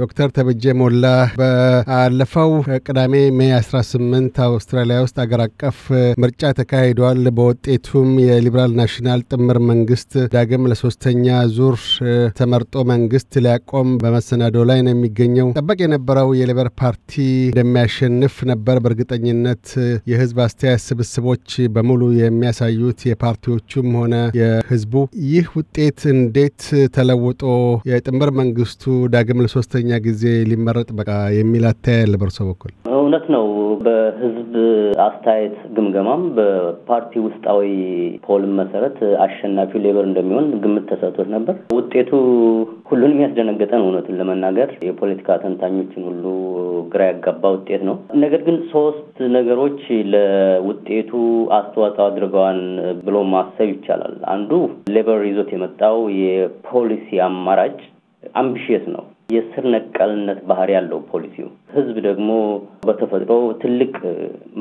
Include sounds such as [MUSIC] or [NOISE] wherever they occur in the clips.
ዶክተር ተበጀ ሞላ ባለፈው ቅዳሜ ሜይ 18 አውስትራሊያ ውስጥ አገር አቀፍ ምርጫ ተካሂዷል። በውጤቱም የሊበራል ናሽናል ጥምር መንግስት ዳግም ለሶስተኛ ዙር ተመርጦ መንግስት ሊያቆም በመሰናዶ ላይ ነው የሚገኘው። ጠበቅ የነበረው የሊበር ፓርቲ እንደሚያሸንፍ ነበር። በእርግጠኝነት የህዝብ አስተያየት ስብስቦች በሙሉ የሚያሳዩት የፓርቲዎቹም ሆነ የህዝቡ ይህ ውጤት እንዴት ተለውጦ የጥምር መንግስቱ ዳግም ለሶስተ ለሶስተኛ ጊዜ ሊመረጥ በቃ የሚል አተያያል በእርሶ በኩል? እውነት ነው። በህዝብ አስተያየት ግምገማም በፓርቲ ውስጣዊ ፖልም መሰረት አሸናፊው ሌበር እንደሚሆን ግምት ተሰጥቶት ነበር። ውጤቱ ሁሉንም ያስደነገጠ ነው። እውነቱን ለመናገር የፖለቲካ ተንታኞችን ሁሉ ግራ ያጋባ ውጤት ነው። ነገር ግን ሶስት ነገሮች ለውጤቱ አስተዋጽኦ አድርገዋል ብሎ ማሰብ ይቻላል። አንዱ ሌበር ይዞት የመጣው የፖሊሲ አማራጭ አምቢሽየስ ነው። የስር ነቀልነት ባህሪ ያለው ፖሊሲው ህዝብ ደግሞ በተፈጥሮ ትልቅ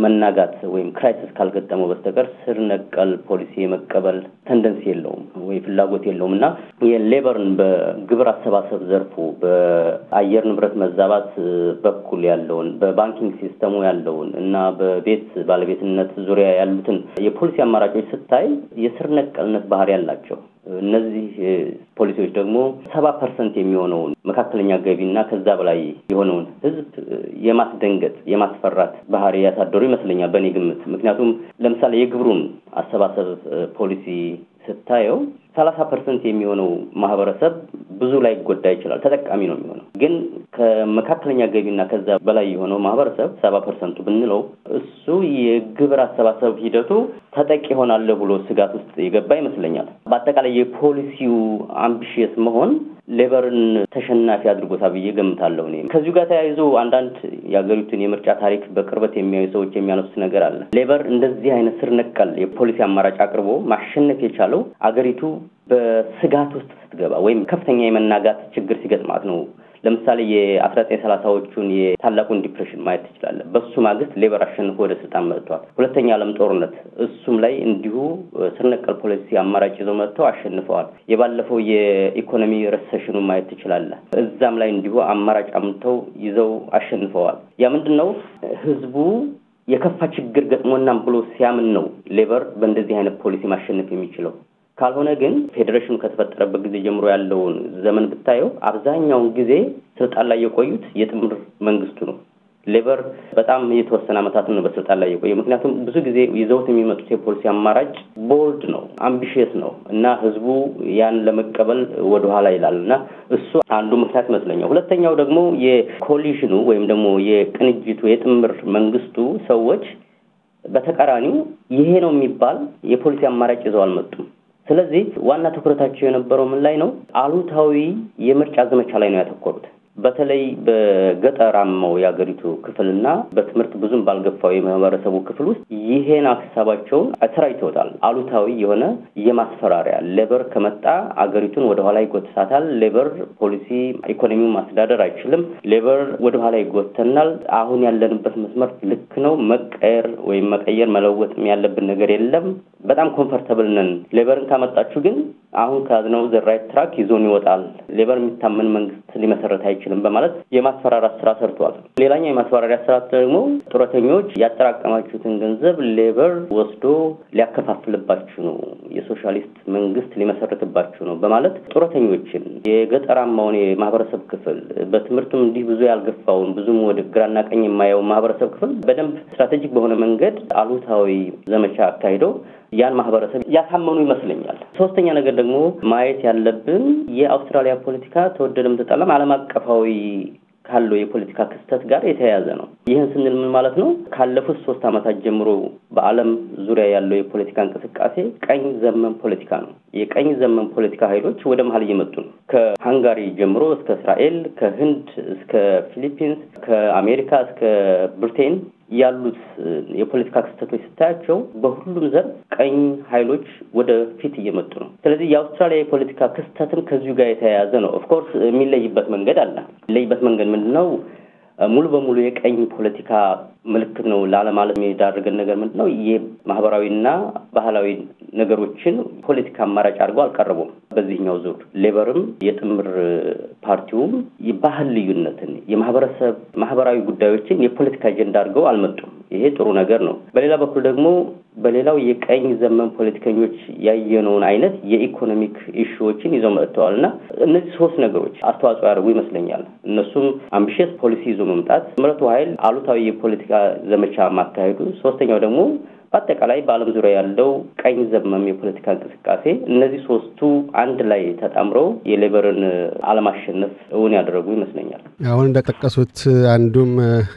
መናጋት ወይም ክራይሲስ ካልገጠመው በስተቀር ስር ነቀል ፖሊሲ የመቀበል ተንደንስ የለውም ወይ ፍላጎት የለውም እና የሌበርን በግብር አሰባሰብ ዘርፉ በአየር ንብረት መዛባት በኩል ያለውን በባንኪንግ ሲስተሙ ያለውን እና በቤት ባለቤትነት ዙሪያ ያሉትን የፖሊሲ አማራጮች ስታይ የስር ነቀልነት ባህሪ ያላቸው እነዚህ ፖሊሲዎች ደግሞ ሰባ ፐርሰንት የሚሆነውን መካከል መካከለኛ እና ከዛ በላይ የሆነውን ህዝብ የማስደንገጥ የማስፈራት ባህሪ ያሳደሩ ይመስለኛል በእኔ ግምት። ምክንያቱም ለምሳሌ የግብሩን አሰባሰብ ፖሊሲ ስታየው ሰላሳ ፐርሰንት የሚሆነው ማህበረሰብ ብዙ ላይ ጎዳ ይችላል፣ ተጠቃሚ ነው የሚሆነው። ግን ከመካከለኛ ገቢና ከዛ በላይ የሆነው ማህበረሰብ ሰባ ፐርሰንቱ ብንለው እሱ የግብር አሰባሰብ ሂደቱ ተጠቂ ይሆናል ብሎ ስጋት ውስጥ የገባ ይመስለኛል። በአጠቃላይ የፖሊሲው አምቢሽየስ መሆን ሌበርን ተሸናፊ አድርጎታ ብዬ ገምታለሁ። እኔ ከዚሁ ጋር ተያይዞ አንዳንድ የሀገሪቱን የምርጫ ታሪክ በቅርበት የሚያዩ ሰዎች የሚያነሱት ነገር አለ። ሌበር እንደዚህ አይነት ስር ነቀል የፖሊሲ አማራጭ አቅርቦ ማሸነፍ የቻለው አገሪቱ በስጋት ውስጥ ስትገባ ወይም ከፍተኛ የመናጋት ችግር ሲገጥማት ነው ለምሳሌ የአስራ ዘጠኝ ሰላሳዎቹን የታላቁን ዲፕሬሽን ማየት ትችላለን። በሱ ማግስት ሌበር አሸንፎ ወደ ስልጣን መጥቷል። ሁለተኛ ዓለም ጦርነት እሱም ላይ እንዲሁ ስርነቀል ፖሊሲ አማራጭ ይዘው መጥተው አሸንፈዋል። የባለፈው የኢኮኖሚ ረሰሽኑ ማየት ትችላለህ። እዛም ላይ እንዲሁ አማራጭ አምጥተው ይዘው አሸንፈዋል። ያ ምንድን ነው ህዝቡ የከፋ ችግር ገጥሞናም ብሎ ሲያምን ነው ሌበር በእንደዚህ አይነት ፖሊሲ ማሸነፍ የሚችለው። ካልሆነ ግን ፌዴሬሽኑ ከተፈጠረበት ጊዜ ጀምሮ ያለውን ዘመን ብታየው አብዛኛውን ጊዜ ስልጣን ላይ የቆዩት የጥምር መንግስቱ ነው። ሌበር በጣም የተወሰነ ዓመታትን ነው በስልጣን ላይ የቆየ። ምክንያቱም ብዙ ጊዜ ይዘውት የሚመጡት የፖሊሲ አማራጭ ቦልድ ነው፣ አምቢሽየስ ነው እና ህዝቡ ያን ለመቀበል ወደኋላ ይላል እና እሱ አንዱ ምክንያት ይመስለኛል። ሁለተኛው ደግሞ የኮሊሽኑ ወይም ደግሞ የቅንጅቱ የጥምር መንግስቱ ሰዎች በተቃራኒው ይሄ ነው የሚባል የፖሊሲ አማራጭ ይዘው አልመጡም። ስለዚህ ዋና ትኩረታቸው የነበረው ምን ላይ ነው? አሉታዊ የምርጫ ዘመቻ ላይ ነው ያተኮሩት። በተለይ በገጠራማው የሀገሪቱ ክፍልና በትምህርት ብዙም ባልገፋው የማህበረሰቡ ክፍል ውስጥ ይሄን ሀሳባቸውን አሰራጭተውታል። አሉታዊ የሆነ የማስፈራሪያ ሌበር ከመጣ አገሪቱን ወደኋላ ይጎትታታል። ሌበር ፖሊሲ ኢኮኖሚውን ማስተዳደር አይችልም። ሌበር ወደኋላ ይጎተናል። አሁን ያለንበት መስመር ልክ ነው። መቀየር ወይም መቀየር መለወጥ ያለብን ነገር የለም። በጣም ኮምፈርተብል ነን። ሌበርን ካመጣችሁ ግን አሁን ከያዝነው ዘራይት ትራክ ይዞን ይወጣል። ሌበር የሚታመን መንግስት ሊመሰረት አይችልም በማለት የማስፈራራት ስራ ሰርቷል። ሌላኛው የማስፈራሪያ ስራ ደግሞ ጡረተኞች ያጠራቀማችሁትን ገንዘብ ሌበር ወስዶ ሊያከፋፍልባችሁ ነው፣ የሶሻሊስት መንግስት ሊመሰረትባችሁ ነው በማለት ጡረተኞችን የገጠራማውን የማህበረሰብ ክፍል በትምህርትም እንዲህ ብዙ ያልገፋውን ብዙም ወደ ግራና ቀኝ የማየው ማህበረሰብ ክፍል በደንብ ስትራቴጂክ በሆነ መንገድ አሉታዊ ዘመቻ አካሂደው ያን ማህበረሰብ ያሳመኑ ይመስለኛል። ሶስተኛ ነገር ደግሞ ማየት ያለብን የአውስትራሊያ ፖለቲካ ተወደደም ተጠላም ዓለም አቀፍ ወቅታዊ ካለው የፖለቲካ ክስተት ጋር የተያያዘ ነው። ይህን ስንል ምን ማለት ነው? ካለፉት ሶስት ዓመታት ጀምሮ በዓለም ዙሪያ ያለው የፖለቲካ እንቅስቃሴ ቀኝ ዘመን ፖለቲካ ነው። የቀኝ ዘመን ፖለቲካ ኃይሎች ወደ መሀል እየመጡ ነው። ከሃንጋሪ ጀምሮ እስከ እስራኤል፣ ከህንድ እስከ ፊሊፒንስ፣ ከአሜሪካ እስከ ብሪቴን ያሉት የፖለቲካ ክስተቶች ስታያቸው በሁሉም ዘርፍ ቀኝ ኃይሎች ወደ ፊት እየመጡ ነው። ስለዚህ የአውስትራሊያ የፖለቲካ ክስተትም ከዚሁ ጋር የተያያዘ ነው። ኦፍኮርስ የሚለይበት መንገድ አለ። የሚለይበት መንገድ ምንድን ነው? ሙሉ በሙሉ የቀኝ ፖለቲካ ምልክት ነው ላለማለት የሚዳርገን ነገር ምንድን ነው? የማህበራዊና ባህላዊ ነገሮችን ፖለቲካ አማራጭ አድርገው አልቀረቡም። በዚህኛው ዙር ሌበርም የጥምር ፓርቲውም የባህል ልዩነትን የማህበረሰብ ማህበራዊ ጉዳዮችን የፖለቲካ አጀንዳ አድርገው አልመጡም። ይሄ ጥሩ ነገር ነው። በሌላ በኩል ደግሞ በሌላው የቀኝ ዘመን ፖለቲከኞች ያየነውን አይነት የኢኮኖሚክ ኢሹዎችን ይዘው መጥተዋል እና እነዚህ ሶስት ነገሮች አስተዋጽኦ ያደርጉ ይመስለኛል። እነሱም አምቢሽስ ፖሊሲ ይዞ መምጣት ምረቱ ኃይል አሉታዊ የፖለቲካ ዘመቻ ማካሄዱ፣ ሶስተኛው ደግሞ በአጠቃላይ በዓለም ዙሪያ ያለው ቀኝ ዘመም የፖለቲካ እንቅስቃሴ እነዚህ ሶስቱ አንድ ላይ ተጣምረው የሌበርን አለማሸነፍ እውን ያደረጉ ይመስለኛል። አሁን እንደጠቀሱት አንዱም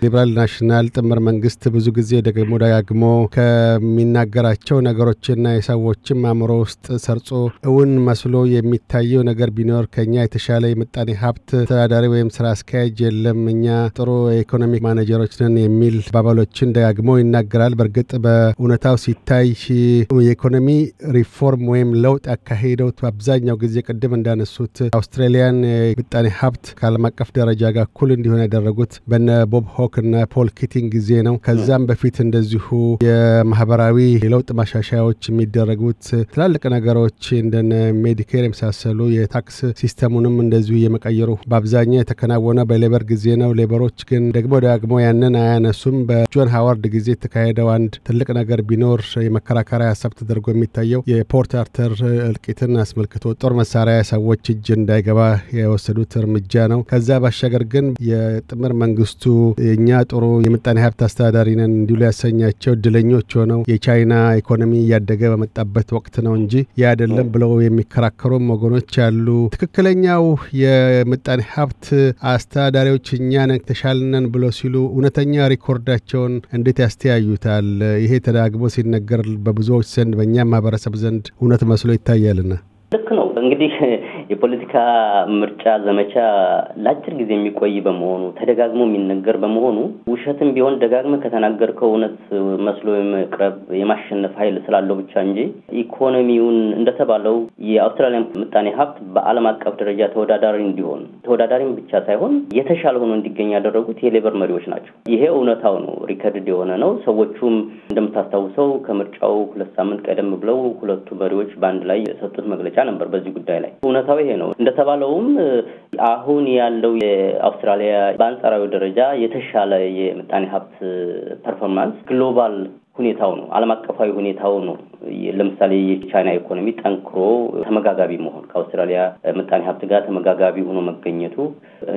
ሊበራል ናሽናል ጥምር መንግስት ብዙ ጊዜ ደግሞ ደጋግሞ ከሚናገራቸው ነገሮችና የሰዎችም አእምሮ ውስጥ ሰርጾ እውን መስሎ የሚታየው ነገር ቢኖር ከኛ የተሻለ የምጣኔ ሀብት ተዳዳሪ ወይም ስራ አስኪያጅ የለም፣ እኛ ጥሩ የኢኮኖሚክ ማኔጀሮች ነን የሚል ባባሎችን ደጋግሞ ይናገራል። በእርግጥ በ እውነታው ሲታይ የኢኮኖሚ ሪፎርም ወይም ለውጥ ያካሄደው በአብዛኛው ጊዜ ቅድም እንዳነሱት አውስትራሊያን ምጣኔ ሀብት ከዓለም አቀፍ ደረጃ ጋር እኩል እንዲሆን ያደረጉት በነ ቦብ ሆክ እና ፖል ኪቲንግ ጊዜ ነው። ከዛም በፊት እንደዚሁ የማህበራዊ የለውጥ ማሻሻያዎች የሚደረጉት ትላልቅ ነገሮች እንደነ ሜዲኬር የመሳሰሉ የታክስ ሲስተሙንም እንደዚሁ እየመቀየሩ በአብዛኛው የተከናወነ በሌበር ጊዜ ነው። ሌበሮች ግን ደግሞ ደግሞ ያንን አያነሱም። በጆን ሀዋርድ ጊዜ የተካሄደው አንድ ትልቅ ነገር ነገር ቢኖር የመከራከሪያ ሀሳብ ተደርጎ የሚታየው የፖርት አርተር እልቂትን አስመልክቶ ጦር መሳሪያ ሰዎች እጅ እንዳይገባ የወሰዱት እርምጃ ነው። ከዛ ባሻገር ግን የጥምር መንግስቱ እኛ ጥሩ የምጣኔ ሀብት አስተዳዳሪ ነን እንዲሉ ያሰኛቸው እድለኞች ሆነው የቻይና ኢኮኖሚ እያደገ በመጣበት ወቅት ነው እንጂ ያ አይደለም ብለው የሚከራከሩም ወገኖች አሉ። ትክክለኛው የምጣኔ ሀብት አስተዳዳሪዎች እኛ ነን ብለው ሲሉ እውነተኛ ሪኮርዳቸውን እንዴት ያስተያዩታል? ይሄ ተዳ ደጋግሞ ሲነገር በብዙዎች ዘንድ በእኛ ማህበረሰብ ዘንድ እውነት መስሎ ይታያልና ልክ ነው። እንግዲህ [LAUGHS] የፖለቲካ ምርጫ ዘመቻ ለአጭር ጊዜ የሚቆይ በመሆኑ ተደጋግሞ የሚነገር በመሆኑ ውሸትም ቢሆን ደጋግመ ከተናገርከው እውነት መስሎ የመቅረብ የማሸነፍ ኃይል ስላለው ብቻ እንጂ ኢኮኖሚውን እንደተባለው የአውስትራሊያን ምጣኔ ሀብት በዓለም አቀፍ ደረጃ ተወዳዳሪ እንዲሆን ተወዳዳሪም ብቻ ሳይሆን የተሻለ ሆኖ እንዲገኝ ያደረጉት የሌበር መሪዎች ናቸው። ይሄ እውነታው ነው፣ ሪከርድ የሆነ ነው። ሰዎቹም እንደምታስታውሰው ከምርጫው ሁለት ሳምንት ቀደም ብለው ሁለቱ መሪዎች በአንድ ላይ የሰጡት መግለጫ ነበር በዚህ ጉዳይ ላይ እውነታው ይሄ ነው። እንደተባለውም አሁን ያለው የአውስትራሊያ በአንጻራዊ ደረጃ የተሻለ የምጣኔ ሀብት ፐርፎርማንስ ግሎባል ሁኔታው ነው። ዓለም አቀፋዊ ሁኔታው ነው። ለምሳሌ የቻይና ኢኮኖሚ ጠንክሮ ተመጋጋቢ መሆን ከአውስትራሊያ ምጣኔ ሀብት ጋር ተመጋጋቢ ሆኖ መገኘቱ፣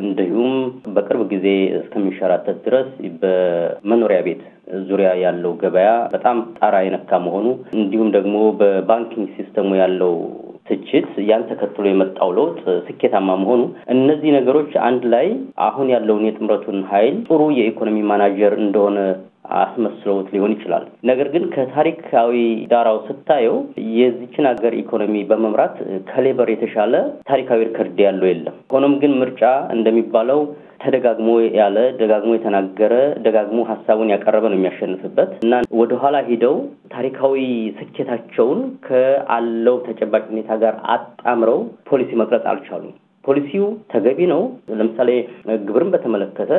እንዲሁም በቅርብ ጊዜ እስከሚንሸራተት ድረስ በመኖሪያ ቤት ዙሪያ ያለው ገበያ በጣም ጣራ የነካ መሆኑ፣ እንዲሁም ደግሞ በባንኪንግ ሲስተሙ ያለው ትችት፣ ያን ተከትሎ የመጣው ለውጥ ስኬታማ መሆኑ እነዚህ ነገሮች አንድ ላይ አሁን ያለውን የጥምረቱን ኃይል ጥሩ የኢኮኖሚ ማናጀር እንደሆነ አስመስሎት ሊሆን ይችላል። ነገር ግን ከታሪካዊ ዳራው ስታየው የዚችን ሀገር ኢኮኖሚ በመምራት ከሌበር የተሻለ ታሪካዊ ሪከርድ ያለው የለም። ሆኖም ግን ምርጫ እንደሚባለው ተደጋግሞ ያለ ደጋግሞ የተናገረ ደጋግሞ ሀሳቡን ያቀረበ ነው የሚያሸንፍበት እና ወደኋላ ሂደው ታሪካዊ ስኬታቸውን ከአለው ተጨባጭ ሁኔታ ጋር አጣምረው ፖሊሲ መቅረጽ አልቻሉም። ፖሊሲው ተገቢ ነው። ለምሳሌ ግብርን በተመለከተ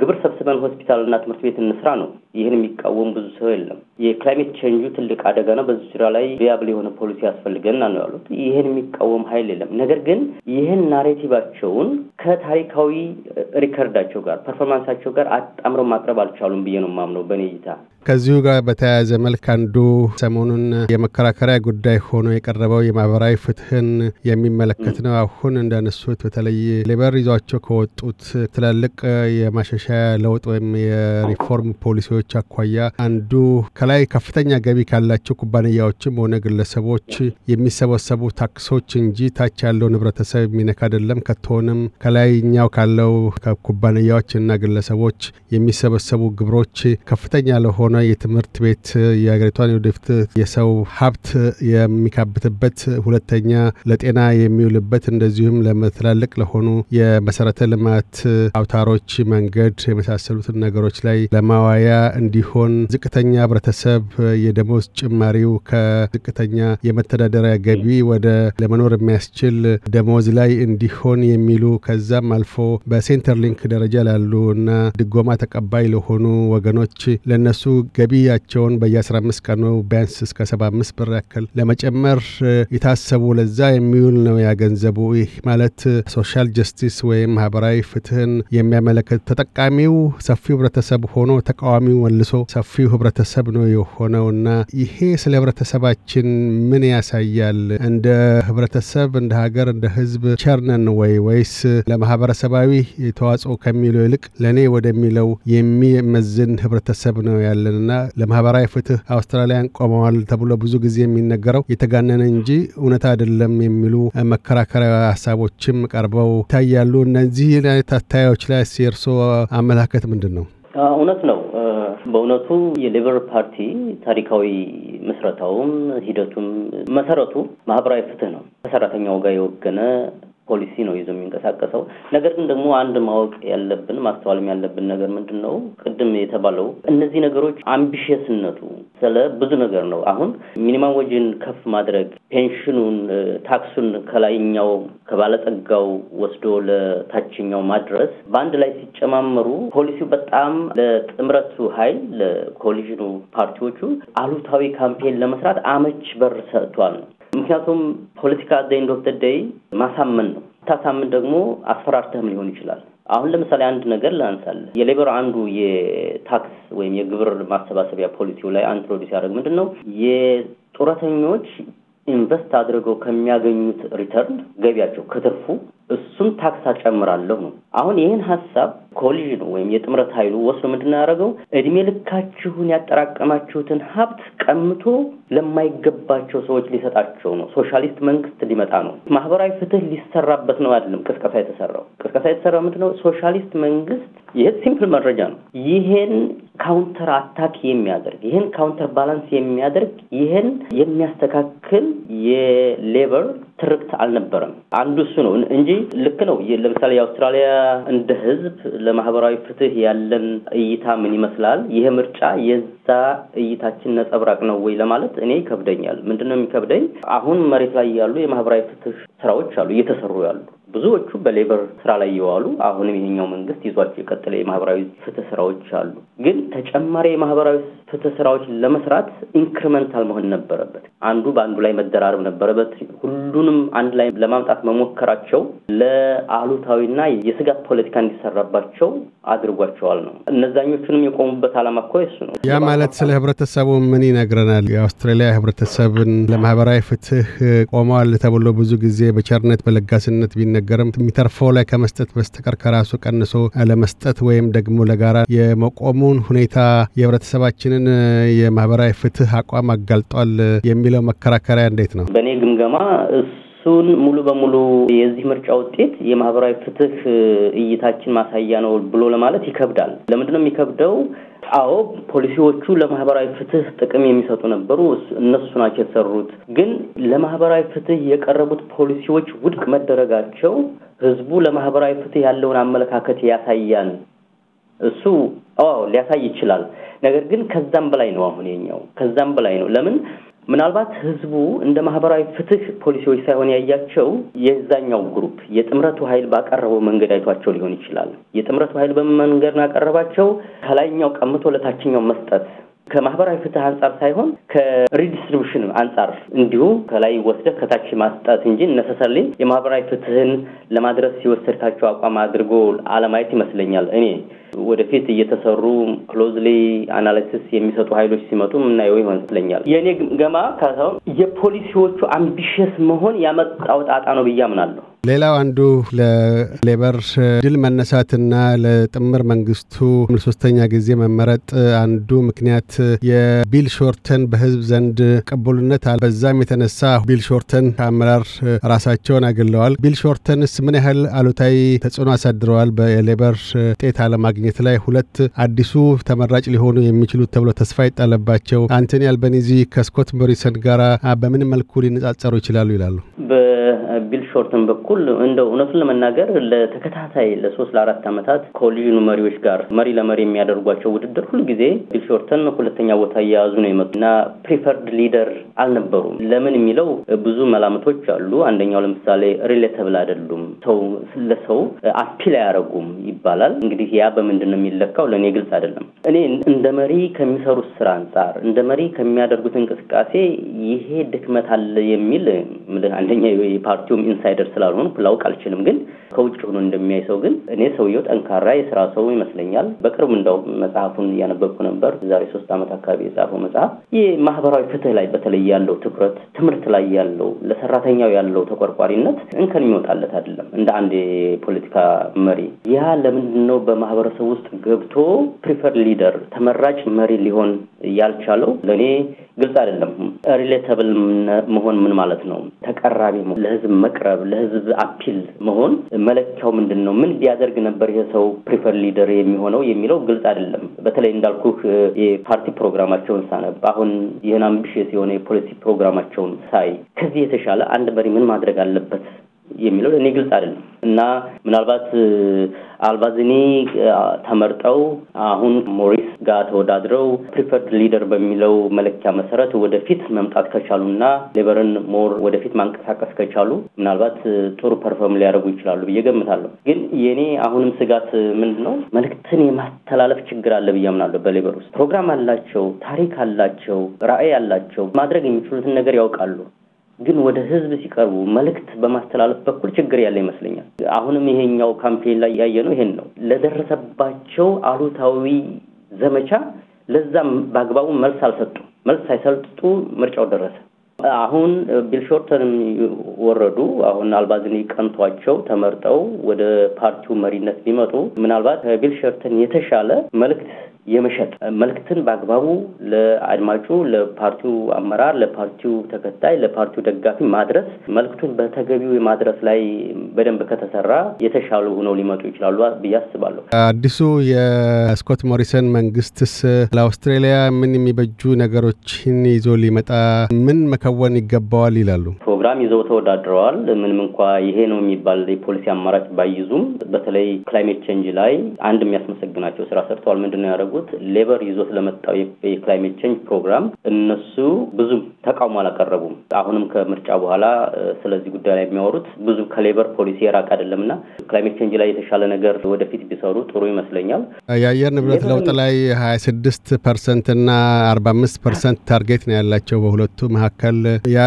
ግብር ሰብስበን ሆስፒታልና ትምህርት ቤት እንስራ ነው። ይህን የሚቃወም ብዙ ሰው የለም። የክላይሜት ቼንጁ ትልቅ አደጋ ነው፣ በዚህ ዙሪያ ላይ ቪያብል የሆነ ፖሊሲ ያስፈልገናል ነው ያሉት። ይህን የሚቃወም ሀይል የለም። ነገር ግን ይህን ናሬቲቫቸውን ከታሪካዊ ሪከርዳቸው ጋር ፐርፎርማንሳቸው ጋር አጣምረው ማቅረብ አልቻሉም ብዬ ነው የማምነው በእኔ እይታ። ከዚሁ ጋር በተያያዘ መልክ አንዱ ሰሞኑን የመከራከሪያ ጉዳይ ሆኖ የቀረበው የማህበራዊ ፍትህን የሚመለከት ነው። አሁን እንደነሱት በተለይ ሌበር ይዟቸው ከወጡት ትላልቅ የማሸ የማሻሻያ ለውጥ ወይም የሪፎርም ፖሊሲዎች አኳያ አንዱ ከላይ ከፍተኛ ገቢ ካላቸው ኩባንያዎችም ሆነ ግለሰቦች የሚሰበሰቡ ታክሶች እንጂ ታች ያለው ህብረተሰብ የሚነካ አይደለም። ከቶሆንም ከላይኛው ካለው ከኩባንያዎች እና ግለሰቦች የሚሰበሰቡ ግብሮች ከፍተኛ ለሆነ የትምህርት ቤት የሀገሪቷን የወደፊት የሰው ሀብት የሚካብትበት ሁለተኛ ለጤና የሚውልበት እንደዚሁም ለትላልቅ ለሆኑ የመሰረተ ልማት አውታሮች መንገድ ረገድ የመሳሰሉትን ነገሮች ላይ ለማዋያ እንዲሆን ዝቅተኛ ህብረተሰብ የደሞዝ ጭማሪው ከዝቅተኛ የመተዳደሪያ ገቢ ወደ ለመኖር የሚያስችል ደሞዝ ላይ እንዲሆን የሚሉ ከዛም አልፎ በሴንተር ሊንክ ደረጃ ላሉ እና ድጎማ ተቀባይ ለሆኑ ወገኖች ለነሱ ገቢያቸውን በየ15 ቀኑ ቢያንስ እስከ 75 ብር ያክል ለመጨመር የታሰቡ ለዛ የሚውል ነው ያገንዘቡ። ይህ ማለት ሶሻል ጀስቲስ ወይም ማህበራዊ ፍትህን የሚያመለክት ተጠቃሚው ሰፊው ህብረተሰብ ሆኖ ተቃዋሚው መልሶ ሰፊው ህብረተሰብ ነው የሆነውና ይሄ ስለ ህብረተሰባችን ምን ያሳያል? እንደ ህብረተሰብ፣ እንደ ሀገር፣ እንደ ህዝብ ቸርነን ወይ ወይስ ለማህበረሰባዊ ተዋጽኦ ከሚለው ይልቅ ለእኔ ወደሚለው የሚመዝን ህብረተሰብ ነው ያለንና ለማህበራዊ ፍትህ አውስትራሊያን ቆመዋል ተብሎ ብዙ ጊዜ የሚነገረው የተጋነነ እንጂ እውነት አይደለም የሚሉ መከራከሪያ ሀሳቦችም ቀርበው ይታያሉ። እነዚህ ታታዮች ላይ የእርስዎ አመላከት ምንድን ነው? እውነት ነው። በእውነቱ የሌበር ፓርቲ ታሪካዊ ምስረታውም ሂደቱም መሰረቱ ማህበራዊ ፍትህ ነው። ከሰራተኛው ጋር የወገነ ፖሊሲ ነው ይዞ የሚንቀሳቀሰው። ነገር ግን ደግሞ አንድ ማወቅ ያለብን ማስተዋልም ያለብን ነገር ምንድን ነው፣ ቅድም የተባለው እነዚህ ነገሮች አምቢሽየስነቱ ያስከተለ ብዙ ነገር ነው። አሁን ሚኒማም ወጅን ከፍ ማድረግ ፔንሽኑን፣ ታክሱን ከላይኛው ከባለጸጋው ወስዶ ለታችኛው ማድረስ በአንድ ላይ ሲጨማመሩ ፖሊሲው በጣም ለጥምረቱ ኃይል ለኮሊዥኑ ፓርቲዎቹ አሉታዊ ካምፔን ለመስራት አመች በር ሰጥቷል። ምክንያቱም ፖለቲካ ዘ ኤንድ ኦፍ ዘ ዴይ ማሳመን ነው። ታሳምን ደግሞ አስፈራርተህም ሊሆን ይችላል አሁን ለምሳሌ አንድ ነገር ላንሳል። የሌበር አንዱ የታክስ ወይም የግብር ማሰባሰቢያ ፖሊሲው ላይ አንትሮዲስ ያደረግ ምንድን ነው የጡረተኞች ኢንቨስት አድርገው ከሚያገኙት ሪተርን ገቢያቸው ከትርፉ እሱም ታክስ አጨምራለሁ ነው። አሁን ይህን ሀሳብ ኮሊዥኑ ወይም የጥምረት ኃይሉ ወስዶ ምንድን ያደረገው እድሜ ልካችሁን ያጠራቀማችሁትን ሀብት ቀምቶ ለማይገባቸው ሰዎች ሊሰጣቸው ነው። ሶሻሊስት መንግስት ሊመጣ ነው። ማህበራዊ ፍትህ ሊሰራበት ነው አይደለም ቅስቀሳ የተሰራው። ቅስቀሳ የተሰራው ምንድን ነው? ሶሻሊስት መንግስት ይህ ሲምፕል መረጃ ነው። ይሄን ካውንተር አታክ የሚያደርግ ይህን ካውንተር ባላንስ የሚያደርግ ይህን የሚያስተካክል የሌበር ትርክት አልነበረም። አንዱ እሱ ነው እንጂ ልክ ነው። ለምሳሌ የአውስትራሊያ እንደ ህዝብ ለማህበራዊ ፍትህ ያለን እይታ ምን ይመስላል? ይህ ምርጫ የዛ እይታችን ነጸብራቅ ነው ወይ ለማለት እኔ ይከብደኛል። ምንድን ነው የሚከብደኝ? አሁን መሬት ላይ ያሉ የማህበራዊ ፍትህ ስራዎች አሉ እየተሰሩ ያሉ ብዙዎቹ በሌበር ስራ ላይ የዋሉ አሁንም ይሄኛው መንግስት ይዟቸው የቀጠለ የማህበራዊ ፍትህ ስራዎች አሉ። ግን ተጨማሪ የማህበራዊ ፍትህ ስራዎች ለመስራት ኢንክሪመንታል መሆን ነበረበት። አንዱ በአንዱ ላይ መደራረብ ነበረበት። ሁሉንም አንድ ላይ ለማምጣት መሞከራቸው ለአሉታዊና የስጋት ፖለቲካ እንዲሰራባቸው አድርጓቸዋል ነው። እነዛኞቹንም የቆሙበት ዓላማ እኮ የሱ ነው። ያ ማለት ስለ ህብረተሰቡ ምን ይነግረናል? የአውስትራሊያ ህብረተሰብን ለማህበራዊ ፍትህ ቆመዋል ተብሎ ብዙ ጊዜ በቸርነት በለጋስነት ቢነገርም የሚተርፈው ላይ ከመስጠት በስተቀር ከራሱ ቀንሶ ለመስጠት ወይም ደግሞ ለጋራ የመቆሙን ሁኔታ የህብረተሰባችንን ይህንን የማህበራዊ ፍትህ አቋም አጋልጧል የሚለው መከራከሪያ እንዴት ነው? በእኔ ግምገማ እሱን ሙሉ በሙሉ የዚህ ምርጫ ውጤት የማህበራዊ ፍትህ እይታችን ማሳያ ነው ብሎ ለማለት ይከብዳል። ለምንድነው የሚከብደው? አዎ ፖሊሲዎቹ ለማህበራዊ ፍትህ ጥቅም የሚሰጡ ነበሩ። እነሱ ናቸው የተሰሩት። ግን ለማህበራዊ ፍትህ የቀረቡት ፖሊሲዎች ውድቅ መደረጋቸው ህዝቡ ለማህበራዊ ፍትህ ያለውን አመለካከት ያሳያል እሱ አዎ ሊያሳይ ይችላል። ነገር ግን ከዛም በላይ ነው። አሁን የኛው ከዛም በላይ ነው። ለምን ምናልባት ህዝቡ እንደ ማህበራዊ ፍትህ ፖሊሲዎች ሳይሆን ያያቸው የዛኛው ግሩፕ የጥምረቱ ኃይል ባቀረበው መንገድ አይቷቸው ሊሆን ይችላል። የጥምረቱ ኃይል በመንገድ ነው ያቀረባቸው? ከላይኛው ቀምቶ ለታችኛው መስጠት ከማህበራዊ ፍትህ አንጻር ሳይሆን ከሪዲስትሪቡሽን አንጻር እንዲሁ ከላይ ወስደህ ከታች ማስጣት እንጂ እነሰሰልኝ የማህበራዊ ፍትህን ለማድረስ የወሰድካቸው አቋም አድርጎ አለማየት ይመስለኛል። እኔ ወደፊት እየተሰሩ ክሎዝሊ አናላይሲስ የሚሰጡ ሀይሎች ሲመጡ የምናየው ይመስለኛል። የእኔ ገማ ካሳሁን የፖሊሲዎቹ አምቢሽስ መሆን ያመጣው ጣጣ ነው ብዬ አምናለሁ። ሌላው አንዱ ለሌበር ድል መነሳትና ለጥምር መንግስቱ ሶስተኛ ጊዜ መመረጥ አንዱ ምክንያት የቢል ሾርተን በህዝብ ዘንድ ቅቡልነት አለ። በዛም የተነሳ ቢል ሾርተን ከአመራር ራሳቸውን አግለዋል። ቢል ሾርተንስ ምን ያህል አሉታዊ ተጽዕኖ አሳድረዋል? በሌበር ውጤት አለማግኘት ላይ ሁለት አዲሱ ተመራጭ ሊሆኑ የሚችሉት ተብሎ ተስፋ ይጣለባቸው አንቶኒ አልበኒዚ ከስኮት ሞሪሰን ጋራ በምን መልኩ ሊነጻጸሩ ይችላሉ ይላሉ። ቢል ሾርትን በኩል እንደ እውነቱን ለመናገር ለተከታታይ ለሶስት ለአራት ዓመታት ከኮሊዥኑ መሪዎች ጋር መሪ ለመሪ የሚያደርጓቸው ውድድር ሁልጊዜ ቢል ሾርተን ሁለተኛ ቦታ እየያዙ ነው የመጡ እና ፕሪፈርድ ሊደር አልነበሩም። ለምን የሚለው ብዙ መላምቶች አሉ። አንደኛው ለምሳሌ ሪሌተብል አይደሉም፣ ሰው ለሰው አፒል አያደረጉም ይባላል። እንግዲህ ያ በምንድን ነው የሚለካው? ለእኔ ግልጽ አይደለም። እኔ እንደ መሪ ከሚሰሩት ስራ አንጻር እንደ መሪ ከሚያደርጉት እንቅስቃሴ ይሄ ድክመት አለ የሚል አንደኛ የፓርቲ ፓርቲውም ኢንሳይደር ስላልሆንኩ ላውቅ አልችልም። ግን ከውጭ ሆኖ እንደሚያይ ሰው ግን እኔ ሰውየው ጠንካራ የስራ ሰው ይመስለኛል። በቅርብ እንደው መጽሐፉን እያነበብኩ ነበር። ዛሬ ሶስት ዓመት አካባቢ የጻፈው መጽሐፍ ይህ ማህበራዊ ፍትህ ላይ በተለይ ያለው ትኩረት፣ ትምህርት ላይ ያለው ለሰራተኛው ያለው ተቆርቋሪነት እንከን የሚወጣለት አይደለም። እንደ አንድ የፖለቲካ መሪ ያ ለምንድን ነው በማህበረሰብ ውስጥ ገብቶ ፕሪፈር ሊደር ተመራጭ መሪ ሊሆን ያልቻለው ለእኔ ግልጽ አይደለም። ሪሌተብል መሆን ምን ማለት ነው? ተቀራቢ ለህዝብ መቅረብ፣ ለህዝብ አፒል መሆን መለኪያው ምንድን ነው? ምን ቢያደርግ ነበር ይሄ ሰው ፕሪፈር ሊደር የሚሆነው የሚለው ግልጽ አይደለም። በተለይ እንዳልኩህ የፓርቲ ፕሮግራማቸውን ሳነብ፣ አሁን ይህን አምቢሽስ የሆነ የፖሊሲ ፕሮግራማቸውን ሳይ ከዚህ የተሻለ አንድ መሪ ምን ማድረግ አለበት የሚለው ለእኔ ግልጽ አይደለም እና ምናልባት አልባዝኒ ተመርጠው አሁን ሞሪስ ጋር ተወዳድረው ፕሪፈርድ ሊደር በሚለው መለኪያ መሰረት ወደፊት መምጣት ከቻሉና ሌበርን ሞር ወደፊት ማንቀሳቀስ ከቻሉ ምናልባት ጥሩ ፐርፎርም ሊያደርጉ ይችላሉ ብዬ ገምታለሁ። ግን የኔ አሁንም ስጋት ምንድን ነው፣ መልእክትን የማስተላለፍ ችግር አለ ብዬ አምናለሁ። በሌበር ውስጥ ፕሮግራም አላቸው፣ ታሪክ አላቸው፣ ራዕይ አላቸው፣ ማድረግ የሚችሉትን ነገር ያውቃሉ ግን ወደ ህዝብ ሲቀርቡ መልእክት በማስተላለፍ በኩል ችግር ያለ ይመስለኛል። አሁንም ይሄኛው ካምፔን ላይ ያየነው ይሄን ነው። ለደረሰባቸው አሉታዊ ዘመቻ ለዛም በአግባቡ መልስ አልሰጡ መልስ ሳይሰጡ ምርጫው ደረሰ። አሁን ቢልሾርተንም ወረዱ። አሁን አልባዝኒ ቀንቷቸው ተመርጠው ወደ ፓርቲው መሪነት ቢመጡ ምናልባት ከቢልሾርተን የተሻለ መልእክት የመሸጥ መልእክትን በአግባቡ ለአድማጩ፣ ለፓርቲው አመራር፣ ለፓርቲው ተከታይ፣ ለፓርቲው ደጋፊ ማድረስ መልእክቱን በተገቢው የማድረስ ላይ በደንብ ከተሰራ የተሻሉ ሆነው ሊመጡ ይችላሉ ብዬ አስባለሁ። አዲሱ የስኮት ሞሪሰን መንግስትስ ለአውስትሬሊያ ምን የሚበጁ ነገሮችን ይዞ ሊመጣ ምን መከ ሊከናወን ይገባዋል ይላሉ። ፕሮግራም ይዘው ተወዳድረዋል። ምንም እንኳ ይሄ ነው የሚባል የፖሊሲ አማራጭ ባይዙም በተለይ ክላይሜት ቼንጅ ላይ አንድ የሚያስመሰግናቸው ስራ ሰርተዋል። ምንድን ነው ያደረጉት? ሌበር ይዞት ለመጣው የክላይሜት ቼንጅ ፕሮግራም እነሱ ብዙ ተቃውሞ አላቀረቡም። አሁንም ከምርጫ በኋላ ስለዚህ ጉዳይ ላይ የሚያወሩት ብዙ ከሌበር ፖሊሲ የራቅ አይደለም እና ክላይሜት ቼንጅ ላይ የተሻለ ነገር ወደፊት ቢሰሩ ጥሩ ይመስለኛል። የአየር ንብረት ለውጥ ላይ ሀያ ስድስት ፐርሰንት እና አርባ አምስት ፐርሰንት ታርጌት ነው ያላቸው በሁለቱ መካከል ይመስላል። ያ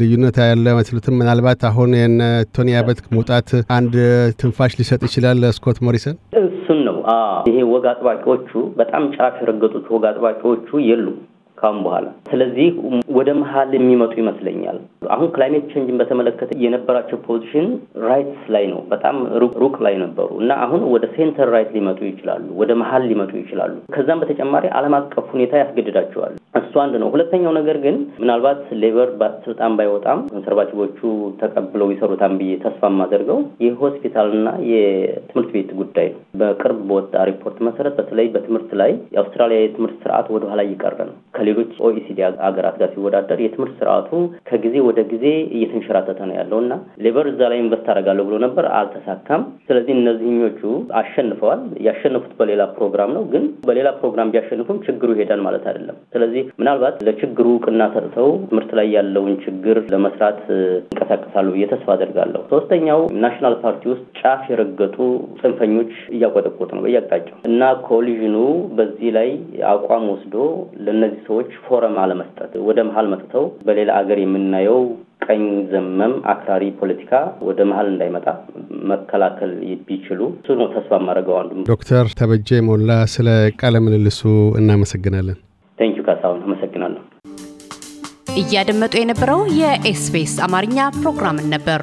ልዩነት ያለ መስሉትም ምናልባት አሁን የነ ቶኒ አበት መውጣት አንድ ትንፋሽ ሊሰጥ ይችላል ስኮት ሞሪሰን እሱን ነው ይሄ ወግ አጥባቂዎቹ በጣም ጫፍ የረገጡት ወግ አጥባቂዎቹ የሉም ካሁን በኋላ። ስለዚህ ወደ መሀል የሚመጡ ይመስለኛል። አሁን ክላይሜት ቼንጅን በተመለከተ የነበራቸው ፖዚሽን ራይትስ ላይ ነው፣ በጣም ሩቅ ላይ ነበሩ እና አሁን ወደ ሴንተር ራይት ሊመጡ ይችላሉ፣ ወደ መሀል ሊመጡ ይችላሉ። ከዛም በተጨማሪ ዓለም አቀፍ ሁኔታ ያስገድዳቸዋል። እሱ አንድ ነው። ሁለተኛው ነገር ግን ምናልባት ሌበር ስልጣን ባይወጣም ኮንሰርቫቲቮቹ ተቀብለው ይሰሩታን ብዬ ተስፋ የማደርገው የሆስፒታልና የትምህርት ቤት ጉዳይ ነው። በቅርብ በወጣ ሪፖርት መሰረት በተለይ በትምህርት ላይ የአውስትራሊያ የትምህርት ስርዓት ወደኋላ እየቀረ ነው። ከሌሎች ኦኢሲዲ ሀገራት ጋር ሲወዳደር የትምህርት ስርዓቱ ከጊዜ ወደ ጊዜ እየተንሸራተተ ነው ያለው እና ሌበር እዛ ላይ ኢንቨስት አደርጋለሁ ብሎ ነበር፣ አልተሳካም። ስለዚህ እነዚህኞቹ አሸንፈዋል። ያሸነፉት በሌላ ፕሮግራም ነው። ግን በሌላ ፕሮግራም ቢያሸንፉም ችግሩ ይሄዳል ማለት አይደለም። ስለዚህ ምናልባት ለችግሩ እውቅና ሰጥተው ትምህርት ላይ ያለውን ችግር ለመስራት እንቀሳቀሳሉ ብዬ ተስፋ አደርጋለሁ። ሶስተኛው ናሽናል ፓርቲ ውስጥ ጫፍ የረገጡ ጽንፈኞች እያቆጠቆጡ ነው በያቅጣጫው እና ኮሊዥኑ በዚህ ላይ አቋም ወስዶ ለእነዚህ ሰው ሰዎች ፎረም አለመስጠት ወደ መሀል መጥተው በሌላ አገር የምናየው ቀኝ ዘመም አክራሪ ፖለቲካ ወደ መሀል እንዳይመጣ መከላከል ቢችሉ እሱ ነው ተስፋ የማደርገው። አንዱ ዶክተር ተበጀ ሞላ ስለ ቃለ ምልልሱ እናመሰግናለን። ቴንኪዩ ካሳሁን፣ አመሰግናለሁ። እያደመጡ የነበረው የኤስቢኤስ አማርኛ ፕሮግራምን ነበር።